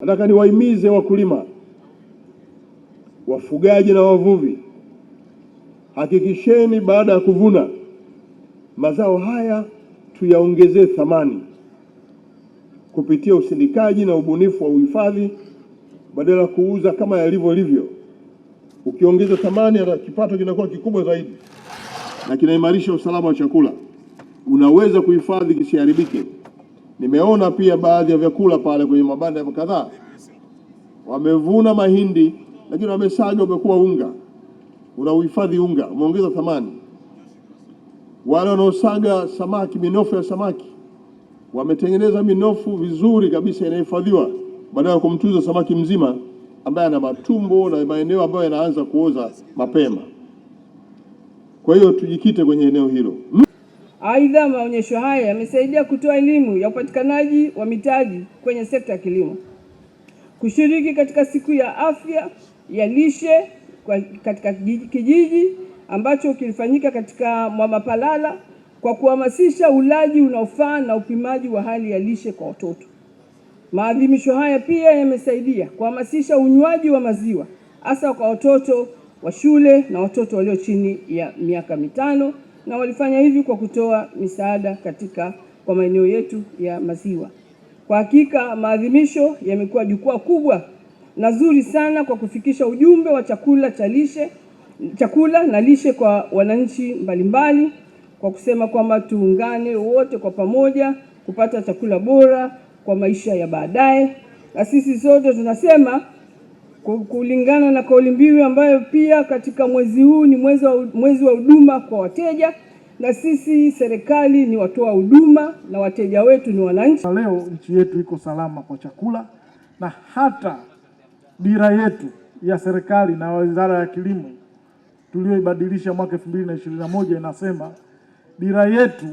Nataka niwahimize wakulima, wafugaji na wavuvi, hakikisheni baada ya kuvuna mazao haya tuyaongezee thamani kupitia usindikaji na ubunifu wa uhifadhi, badala ya kuuza kama yalivyo livyo. Ukiongeza thamani, hata kipato kinakuwa kikubwa zaidi na kinaimarisha usalama wa chakula. Unaweza kuhifadhi kisiharibike. Nimeona pia baadhi ya vyakula pale kwenye mabanda kadhaa wamevuna mahindi, lakini wamesaga umekuwa unga, unauhifadhi unga, umeongeza thamani. Wale wanaosaga samaki, minofu ya samaki, wametengeneza minofu vizuri kabisa, inahifadhiwa badala ya kumtuza samaki mzima ambaye ana matumbo na maeneo ambayo yanaanza kuoza mapema. Kwa hiyo tujikite kwenye eneo hilo. Aidha, maonyesho haya yamesaidia kutoa elimu ya upatikanaji wa mitaji kwenye sekta ya kilimo, kushiriki katika siku ya afya ya lishe katika kijiji ambacho kilifanyika katika Mwamapalala kwa kuhamasisha ulaji unaofaa na upimaji wa hali ya lishe kwa watoto. Maadhimisho haya pia yamesaidia kuhamasisha unywaji wa maziwa hasa kwa watoto wa shule na watoto walio chini ya miaka mitano na walifanya hivi kwa kutoa misaada katika kwa maeneo yetu ya maziwa. Kwa hakika maadhimisho yamekuwa jukwaa kubwa na zuri sana kwa kufikisha ujumbe wa chakula cha lishe, chakula na lishe kwa wananchi mbalimbali, kwa kusema kwamba tuungane wote kwa pamoja kupata chakula bora kwa maisha ya baadaye, na sisi sote tunasema kulingana na kauli mbiu ambayo pia katika mwezi huu ni mwezi wa, mwezi wa huduma kwa wateja, na sisi serikali ni watoa huduma na wateja wetu ni wananchi. Leo nchi yetu iko salama kwa chakula, na hata dira yetu ya serikali na wizara ya kilimo tuliyoibadilisha mwaka 2021 inasema dira yetu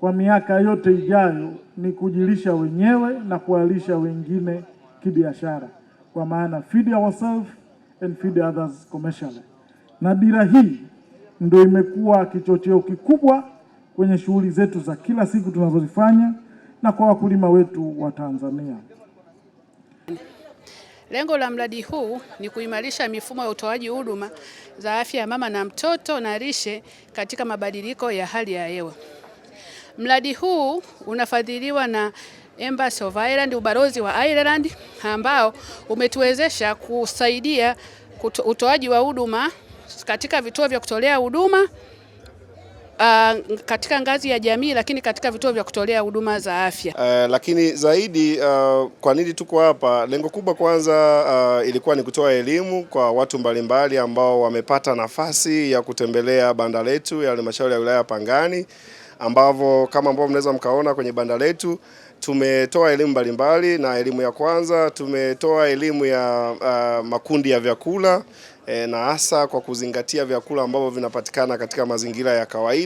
kwa miaka yote ijayo ni kujilisha wenyewe na kuwalisha wengine kibiashara kwa maana feed ourselves and feed others commercially. Na dira hii ndio imekuwa kichocheo kikubwa kwenye shughuli zetu za kila siku tunazozifanya na kwa wakulima wetu wa Tanzania. Lengo la mradi huu ni kuimarisha mifumo ya utoaji huduma za afya ya mama na mtoto na lishe katika mabadiliko ya hali ya hewa. Mradi huu unafadhiliwa na Embassy of Ireland, ubalozi wa Ireland ambao umetuwezesha kusaidia kuto, utoaji wa huduma katika vituo vya kutolea huduma Uh, katika ngazi ya jamii lakini katika vituo vya kutolea huduma za afya. Uh, lakini zaidi uh, kwa nini tuko hapa? Lengo kubwa kwanza, uh, ilikuwa ni kutoa elimu kwa watu mbalimbali ambao wamepata nafasi ya kutembelea banda letu ya halmashauri ya wilaya Pangani ambavyo kama ambavyo mnaweza mkaona kwenye banda letu tumetoa elimu mbalimbali, na elimu ya kwanza tumetoa elimu ya uh, makundi ya vyakula e, na hasa kwa kuzingatia vyakula ambavyo vinapatikana katika mazingira ya kawaida.